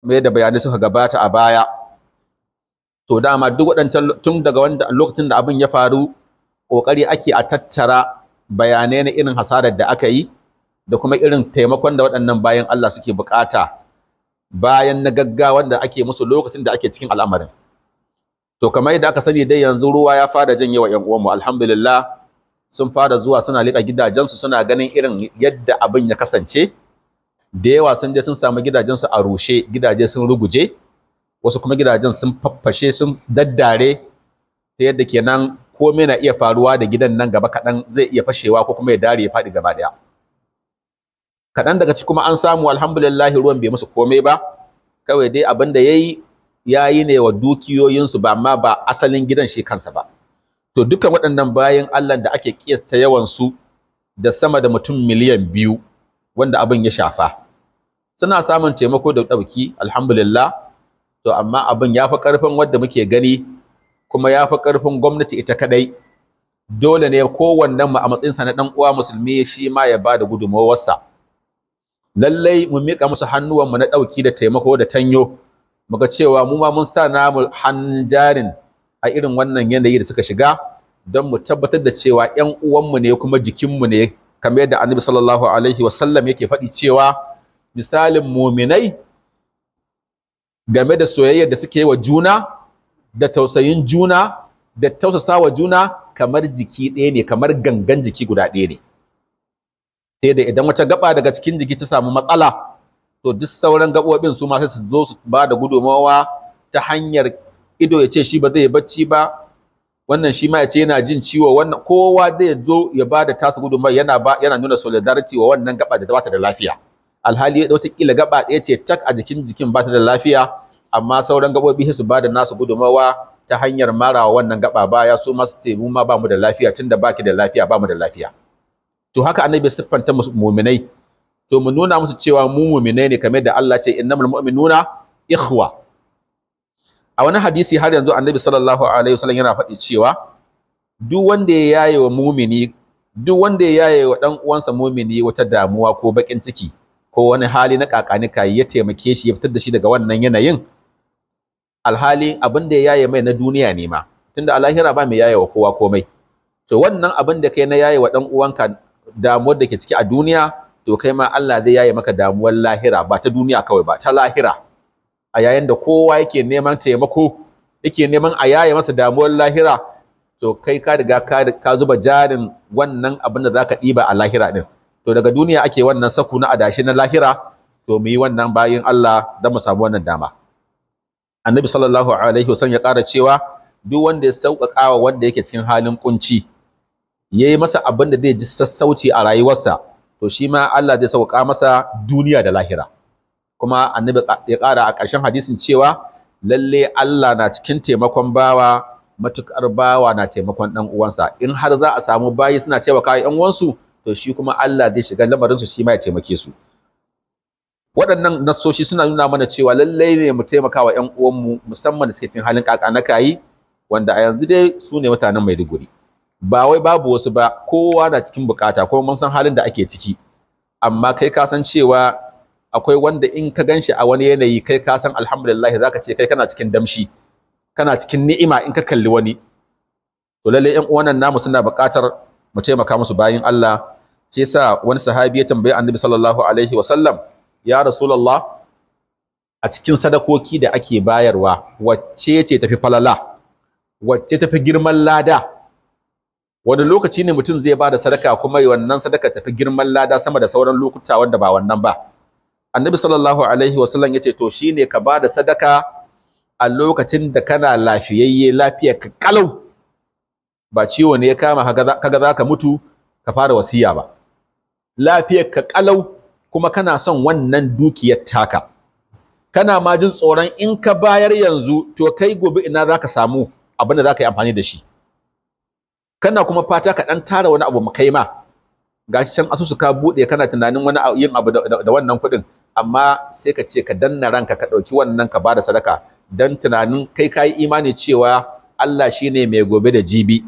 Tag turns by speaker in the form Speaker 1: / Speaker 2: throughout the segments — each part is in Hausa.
Speaker 1: mai da bayanai suka gabata a baya to dama duk waɗancan tun daga wanda lokacin da abin ya faru ƙoƙari ake a tattara bayanai na irin hasarar da aka yi da kuma irin taimakon da waɗannan bayan Allah suke bukata bayan na gaggawa da ake musu lokacin da ake cikin al'amarin to kamar yadda aka sani dai yanzu ruwa ya fara janye wa ƴan uwanmu alhamdulillah sun fara zuwa suna liƙa gidajensu suna ganin irin yadda abin ya kasance da yawa sun je sun samu gidajensu a rushe gidaje sun ruguje wasu kuma gidajen sun faffashe sun daddare ta yadda ke kenan komai na iya faruwa da gidan nan gaba kaɗan zai iya fashewa ko kuma ya dare ya faɗi gaba ɗaya kaɗan daga ciki kuma an samu alhamdulillahi ruwan bai musu komai ba kawai dai abin da ya yi ne wa dukiyoyinsu ba ma ba asalin gidan shi kansa ba to dukkan waɗannan bayan allah da ake kiyasta yawansu da sama da mutum miliyan biyu wanda abin ya shafa suna samun taimako da ɗauki alhamdulillah to amma abin ya fi ƙarfin wanda muke gani kuma ya fi ƙarfin gwamnati ita kaɗai dole ne kowannen mu a matsayinsa na ɗan uwa musulmi shi ma ya ba da gudunmawarsa lallai mu miƙa musu hannuwanmu na ɗauki da taimako da tanyo muga cewa mu ma mun sa namu hanjarin a irin wannan yanayi da suka shiga don mu tabbatar da cewa 'yan uwanmu ne kuma jikinmu ne kamar yadda annabi sallallahu alaihi wasallam yake faɗi cewa misalin muminai game da soyayyar da suke wa juna da tausayin juna da tausasa wa juna kamar jiki ɗaya ne kamar gangan jiki guda ɗaya ne sai da idan wata gaba daga cikin jiki ta samu matsala to duk sauran gabobin su ma sai su zo su ba da gudummawa ta hanyar ido ya ce shi ba zai bacci ba wannan shi ma ya ce yana jin ciwo wannan kowa zai zo ya ba da tasa gudunmawar yana yana nuna solidarity wa wannan gaba da ta da lafiya alhali wata kila gaba ɗaya ce tak a jikin jikin bata da lafiya amma sauran gabobi su ba da nasu gudunmawa ta hanyar mara wa wannan gaba baya su ma su ce mu ma ba mu da lafiya tunda baki da lafiya ba mu da lafiya to haka annabi siffanta mu'minai to mu nuna musu cewa mu mu'minai ne kamar da Allah ce innamul mu'minuna ikhwa a wani hadisi har yanzu annabi sallallahu alaihi wasallam yana faɗi cewa duk wanda ya yaye wa mumini duk wanda ya yaye wa dan uwansa mumini wata damuwa ko bakin ciki ko wani hali na kakanika ya taimake shi ya fitar da shi daga wannan yanayin alhali abin da ya yaye mai na duniya ne ma tunda a ba mai yaye wa kowa komai to wannan abin da kai na yaye wa dan uwanka damuwar da ke ciki a duniya to kai ma Allah zai yaye maka damuwar lahira ba ta duniya kawai ba ta lahira a yayin da kowa yake neman taimako yake neman a yaye masa damuwar lahira to kai ka riga ka zuba jarin wannan abin da zaka ɗiba a lahira ɗin. to daga duniya ake wannan saku na adashi na lahira to mu yi wannan bayin Allah don mu samu wannan dama annabi sallallahu alaihi wasallam ya kara cewa duk wanda ya sauƙaƙa wa wanda yake cikin halin kunci ya yi masa abin da zai ji sassauci a rayuwarsa to shi ma Allah zai sauƙaƙa masa duniya da lahira kuma annabi ya ƙara a ƙarshen hadisin cewa lalle Allah na cikin taimakon bawa matukar bawa na taimakon dan uwansa in har za a samu bayi suna taimaka ƴan uwansu to shi kuma Allah zai shiga lamarin su shi ma ya taimake su waɗannan nasoshi suna nuna mana cewa lalle ne mu taimaka wa ƴan uwanmu musamman da suke cikin halin kaka kai wanda a yanzu dai su ne mutanen Maiduguri ba wai babu wasu ba kowa na cikin bukata kuma mun san halin da ake ciki amma kai ka san cewa akwai wanda in ka ganshi a wani yanayi kai ka san alhamdulillah zaka ce kai kana cikin damshi kana cikin ni'ima in ka kalli wani to lalle 'yan uwan namu suna buƙatar mu taimaka musu bayin Allah shi yasa wani sahabi ya tambayi Annabi sallallahu alaihi wa sallam ya rasulullah a cikin sadakoki da ake bayarwa wacce ce tafi falala wacce tafi girman lada wani lokaci ne mutum zai ba da sadaka kuma wannan sadaka tafi girman lada sama da sauran lokuta wanda ba wannan ba annabi sallallahu alaihi wasallam yace to shine ka bada sadaka a lokacin da kana lafiyayye lafiyar ka kalau ba ciwo ne ya kama kaga zaka mutu ka fara wasiya ba lafiyar ka kalau kuma kana son wannan dukiyar taka kana ma jin tsoron in ka bayar yanzu to kai gobe ina zaka samu abin da zaka yi amfani da shi kana kuma fata ka dan tara wani abu makaima gashi can asusu ka bude kana tunanin wani yin abu da wannan kuɗin amma sai ka ce ka danna ranka ka ɗauki wannan ka bada sadaka dan tunanin kai ka yi imani cewa Allah shine mai gobe da jibi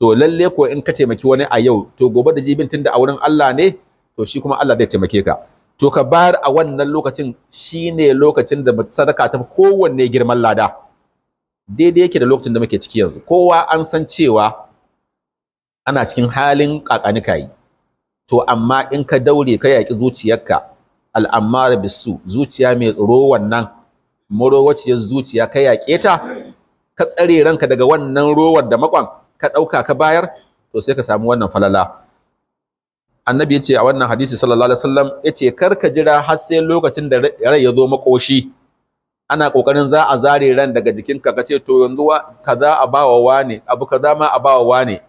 Speaker 1: to lalle ko in ka taimaki wani a yau to gobe da jibin tunda a wurin Allah ne to shi kuma Allah zai taimake ka to ka bayar a wannan lokacin shine lokacin da sadaka ta kowanne girman lada daidai yake da lokacin da muke ciki yanzu kowa an san cewa ana cikin halin kakani yi. to amma in ka daure ka yaƙi zuciyarka al'ammar bisu zuciya mai tsoro wannan marowaciyar zuciya ka yaƙe ta ka tsare ranka daga wannan rowar da makon ka ɗauka ka bayar to sai ka samu wannan falala annabi ya ce a wannan hadisi sallallahu alaihi wasallam ya ce kar ka jira har sai lokacin da rai ya zo makoshi ana kokarin za a zare ran daga jikin ka ce to yanzu kaza a bawa wane abu kaza ma a bawa wane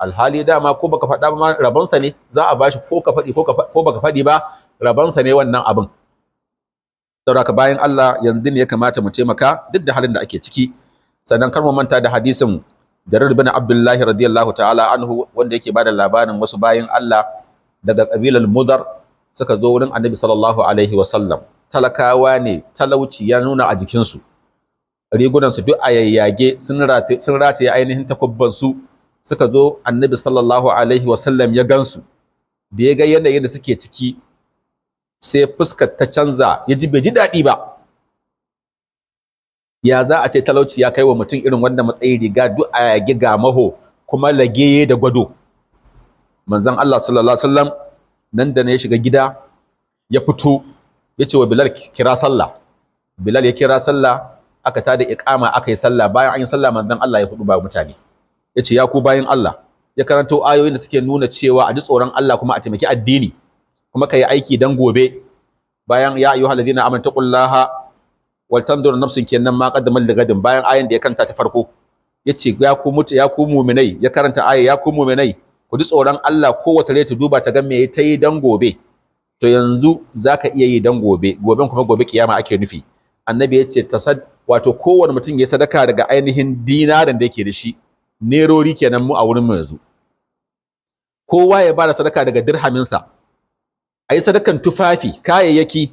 Speaker 1: alhali dama ko baka faɗa ma rabonsa ne za a bashi ko ka faɗi ko baka faɗi ba Rabansa ne wannan abin sauraka bayan Allah yanzu ne ya kamata mu taimaka duk da halin da ake ciki sannan kar mu manta da hadisin Jarir bin Abdullah radiyallahu ta'ala anhu wanda yake bada labarin wasu bayan Allah daga kabilar Mudar suka zo wurin Annabi sallallahu alaihi wa talakawa ne talauci ya nuna a jikin jikinsu rigunansu duk a yayyage sun rataye ainihin su suka zo annabi sallallahu alaihi wasallam ya gansu da ya ga yanayin da suke ciki sai fuskar ta canza ya ji bai ji daɗi ba ya za a ce talauci ya kai wa mutum irin wanda matsayi riga duk a yage ga maho kuma lageye da gwado manzon Allah sallallahu alaihi wasallam nan da ne ya shiga gida ya fito ya ce wa Bilal kira sallah Bilal ya kira sallah aka da iqama aka yi sallah bayan an yi sallah manzon Allah ya fudu ba mutane ya ce ya ku bayan Allah ya karanto ayoyin da suke nuna cewa a ji tsoron Allah kuma a taimaki addini kuma yi aiki dan gobe bayan ya ayyuhal ladina amanu taqullaha wal tanzur nafsin kenan ma qaddamal ligadin bayan ayan da ya kanta ta farko yace ya ku mutu ya ku mu'minai ya karanta aya ya ku mu'minai ku ji tsoron Allah kowace rai ta duba ta ga me ta yi dan gobe to yanzu zaka iya yi dan gobe goben kuma gobe kiyama ake nufi annabi yace tasad wato kowane mutum ya sadaka daga ainihin dinarin da yake da shi nerori kenan mu a wurin mu yanzu kowa ya ba da sadaka daga dirhaminsa a yi sadakan tufafi kayayyaki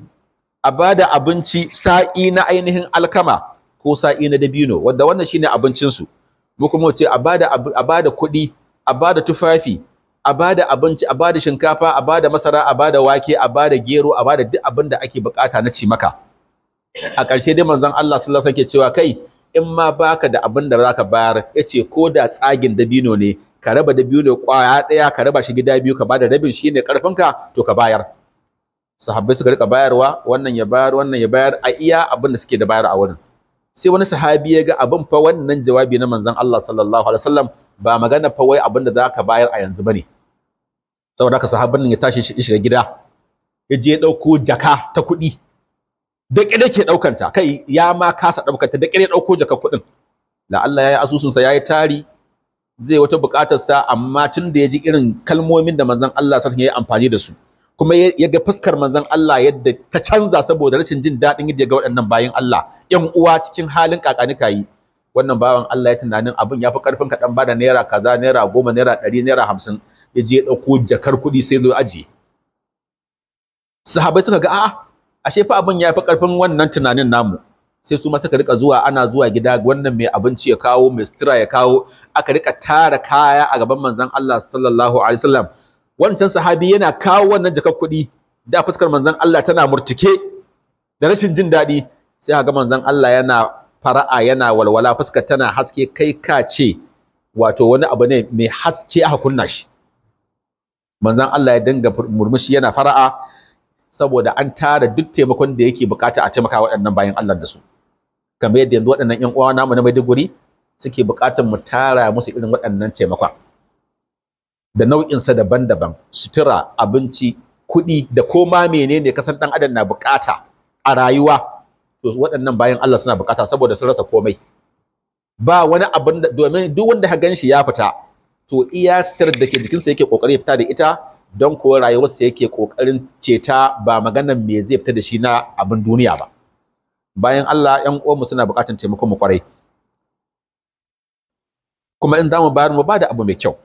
Speaker 1: a ba da abinci sa'i na ainihin alkama ko sa'i na dabino wanda wannan shine abincinsu mu kuma ce a ba da kuɗi a ba da tufafi a ba da abinci a ba da shinkafa a ba da masara a ba da wake a ba da gero a ba da duk abin da ake bukata na ci maka. a ƙarshe dai manzon Allah sallallahu alaihi wasallam ke cewa kai in ma baka da abin da zaka bayar yace ko da tsagin dabino ne ka raba da biyu ne kwaya ɗaya ka raba shi gida biyu ka bada rabin shi ne karfinka to ka bayar sahabbai suka rika bayarwa wannan ya bayar wannan ya bayar a iya abin da suke da bayar a wurin sai wani sahabi ya ga abin fa wannan jawabi na manzon Allah sallallahu alaihi wasallam ba magana fa wai abin da zaka bayar a yanzu bane saboda haka sahabban ya tashi shi shiga gida ya je ya dauko jaka ta kuɗi da kire ke daukanta kai ya ma kasa daukanta da kire dauko jaka kuɗin la Allah yayi asusun sa yayi tari zai wata buƙatar sa amma tun da ya ji irin kalmomin da manzon Allah sallallahu alaihi ya yi amfani da su kuma ya ga fuskar manzon Allah yadda ta canza saboda rashin jin daɗin yadda ya ga waɗannan bayan Allah ƴan uwa cikin halin kakani yi wannan bawan Allah ya tunanin abin ya fi karfin ka dan bada naira kaza naira goma naira ɗari naira hamsin ya je ya ɗauko jakar kuɗi sai zo ajiye sahabai suka ga a'a ashe fa abin ya fi karfin wannan tunanin namu sai su ma suka rika zuwa ana zuwa gida wannan mai abinci ya kawo mai sutura ya kawo aka rika tara kaya a gaban manzon Allah sallallahu alaihi wasallam wancan sahabi yana kawo wannan jakar kuɗi da fuskar manzon Allah tana murtike da rashin jin daɗi sai ga manzon Allah yana fara'a yana walwala fuskar tana haske kai ka ce wato wani abu ne mai haske aka kunna shi manzon Allah ya dinga murmushi yana fara'a saboda an tara duk taimakon da yake bukata a taimaka waɗannan bayan Allah da su kamar yadda yanzu waɗannan ƴan uwa namu na Maiduguri suke bukatar mu tara musu irin waɗannan taimakon da nau'insa daban-daban sutura abinci kuɗi da koma menene kasan ɗan adam na bukata a rayuwa to waɗannan bayan Allah suna bukata saboda sun rasa komai ba wani abin da domin duk wanda ka ganshi ya fita to iya sitar da ke jikinsa yake kokari ya fita da ita don kuwa rayuwarsa yake kokarin ceta ba maganar me zai fita da shi na abin duniya ba bayan Allah ƴan uwanmu suna buƙatar taimakon mu kwarai kuma in zamu bayar mu bada abu mai kyau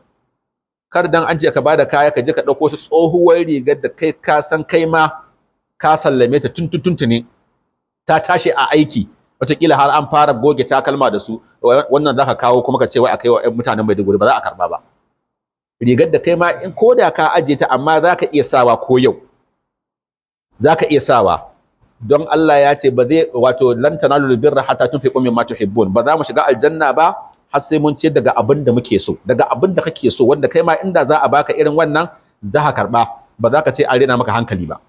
Speaker 1: kar dan an ce ka bada kaya ka je ka dauko wata tsohuwar rigar da kai ka san kai ma ka sallame ta tun ta tashi a aiki kila har an fara goge takalma da su wannan za ka kawo kuma ka ce wai akai wa mutanen Maiduguri ba za a karɓa ba rigar da kai ma in ko da ka aje ta amma za ka iya sawa ko yau za ka iya sawa don Allah ya ce ba zai wato lan tanalu birra hatta tunfiqu ma tuhibbun ba za mu shiga aljanna ba har sai mun ce daga abin da muke so daga abin da kake so wanda kai ma inda za a baka irin wannan za ka karba ba za ka ce an rena maka hankali ba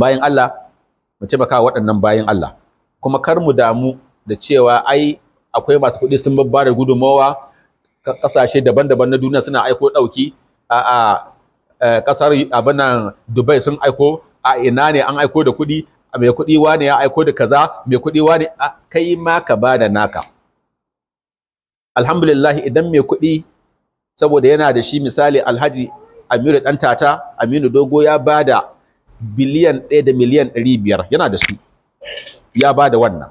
Speaker 1: bayan Allah mu ce taimaka waɗannan bayan Allah kuma kar mu damu da cewa ai akwai masu kuɗi sun babbar gudunmawa kasashe daban-daban na duniya suna aiko dauki a a kasar eh, abinan Dubai sun aiko a ina ne an aiko da kuɗi mai kuɗi wane ya aiko da kaza mai kuɗi wane kai ma ka bada naka alhamdulillah idan mai kuɗi saboda yana da shi misali alhaji Aminu dan tata Aminu dogo ya bada biliyan 1 da miliyan 500 yana da su ya bada wannan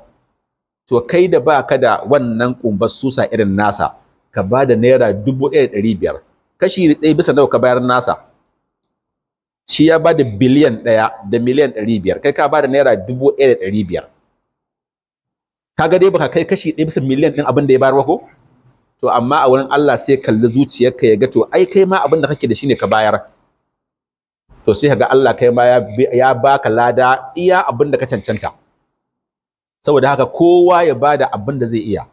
Speaker 1: to kai da baka da wannan kumbar susa irin nasa ka ba da naira dubu ɗaya ɗari biyar kashi ɗaya bisa nawa ka bayar nasa shi ya ba da biliyan ɗaya da miliyan ɗari biyar kai ka ba da naira dubu ɗaya da ɗari biyar Ka ga dai baka kai kashi ɗaya bisa miliyan ɗin abin da ya bayar ba ko to amma a wurin Allah sai kalli zuciyarka ya ga to ai kai ma abin da kake da shi ne ka bayar to sai ga Allah kai ma ya baka lada iya abin da ka cancanta saboda haka kowa ya bada abin da zai iya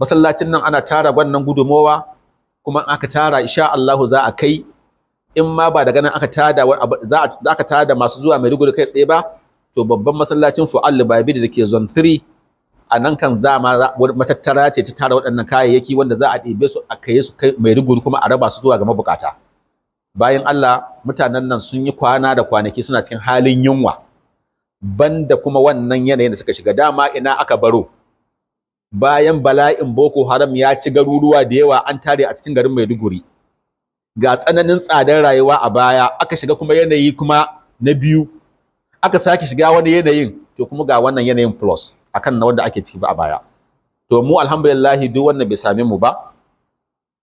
Speaker 1: masallacin nan ana tara wannan gudumowa kuma aka tara insha Allah za a kai in ma ba daga nan aka tada za aka tada masu zuwa mai Maiduguri kai tsaye ba to babban masallacin Fu'al Babidi dake zone 3 a nan kan za ma matattara ce ta tara waɗannan kayayyaki wanda za a ɗebe su a kai su kai mai Maiduguri kuma a raba su zuwa ga mabukata bayan Allah mutanen nan sun yi kwana da kwanaki suna cikin halin yunwa banda kuma wannan yanayin da suka shiga dama ina aka baro bayan bala'in Boko Haram ya ci garuruwa da yawa an tare a cikin garin Maiduguri ga tsananin tsadar rayuwa a baya aka shiga kuma yanayi kuma na biyu aka sake shiga wani yanayin to kuma ga wannan yanayin plus akan na wanda ake ciki ba a baya to mu alhamdulillah duk wannan bai same mu ba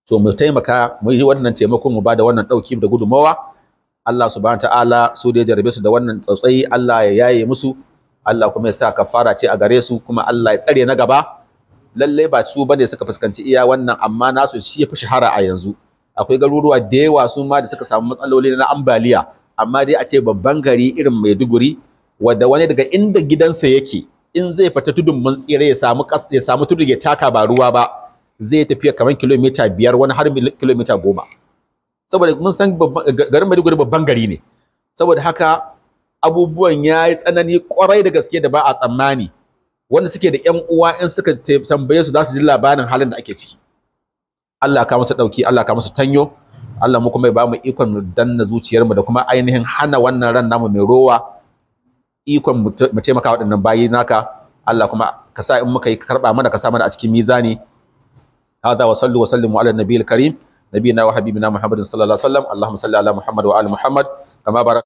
Speaker 1: to mu taimaka mu yi wannan taimakon mu ba da wannan dauki da gudumawa Allah subhanahu ta'ala su da ya jarabe su da wannan tsautsayi Allah ya yaye musu Allah kuma ya sa kafara ce a gare su kuma Allah ya tsare na gaba lallai ba su bane suka fuskanci iya wannan amma nasu shi ya fi shahara a yanzu akwai garuruwa da yawa su ma da suka samu matsaloli na ambaliya amma dai a ce babban gari irin Maiduguri wanda wani daga inda gidansa yake in zai fita tudun mun tsire ya samu kas ya samu tudu ya taka ba ruwa ba zai tafi kamar kilomita biyar wani har kilomita goma saboda mun san garin Maiduguri babban gari ne saboda haka abubuwan ya yi tsanani kwarai da gaske da ba a tsammani wanda suke da ƴan uwa in suka tambaye su za su ji labarin halin da ake ciki Allah ka masa dauki Allah ka masa tanyo Allah mu kuma ya ba mu ikon mu danna zuciyar mu da kuma ainihin hana wannan ran namu mai rowa ikon mu taimaka waɗannan bayi naka Allah kuma ka sa in muka yi karba mana ka sa mana a cikin mizani hada wa sallu wa sallimu ala nabiyil karim nabiyina wa habibina muhammadin sallallahu alaihi wasallam allahumma salli ala muhammad wa ali muhammad kama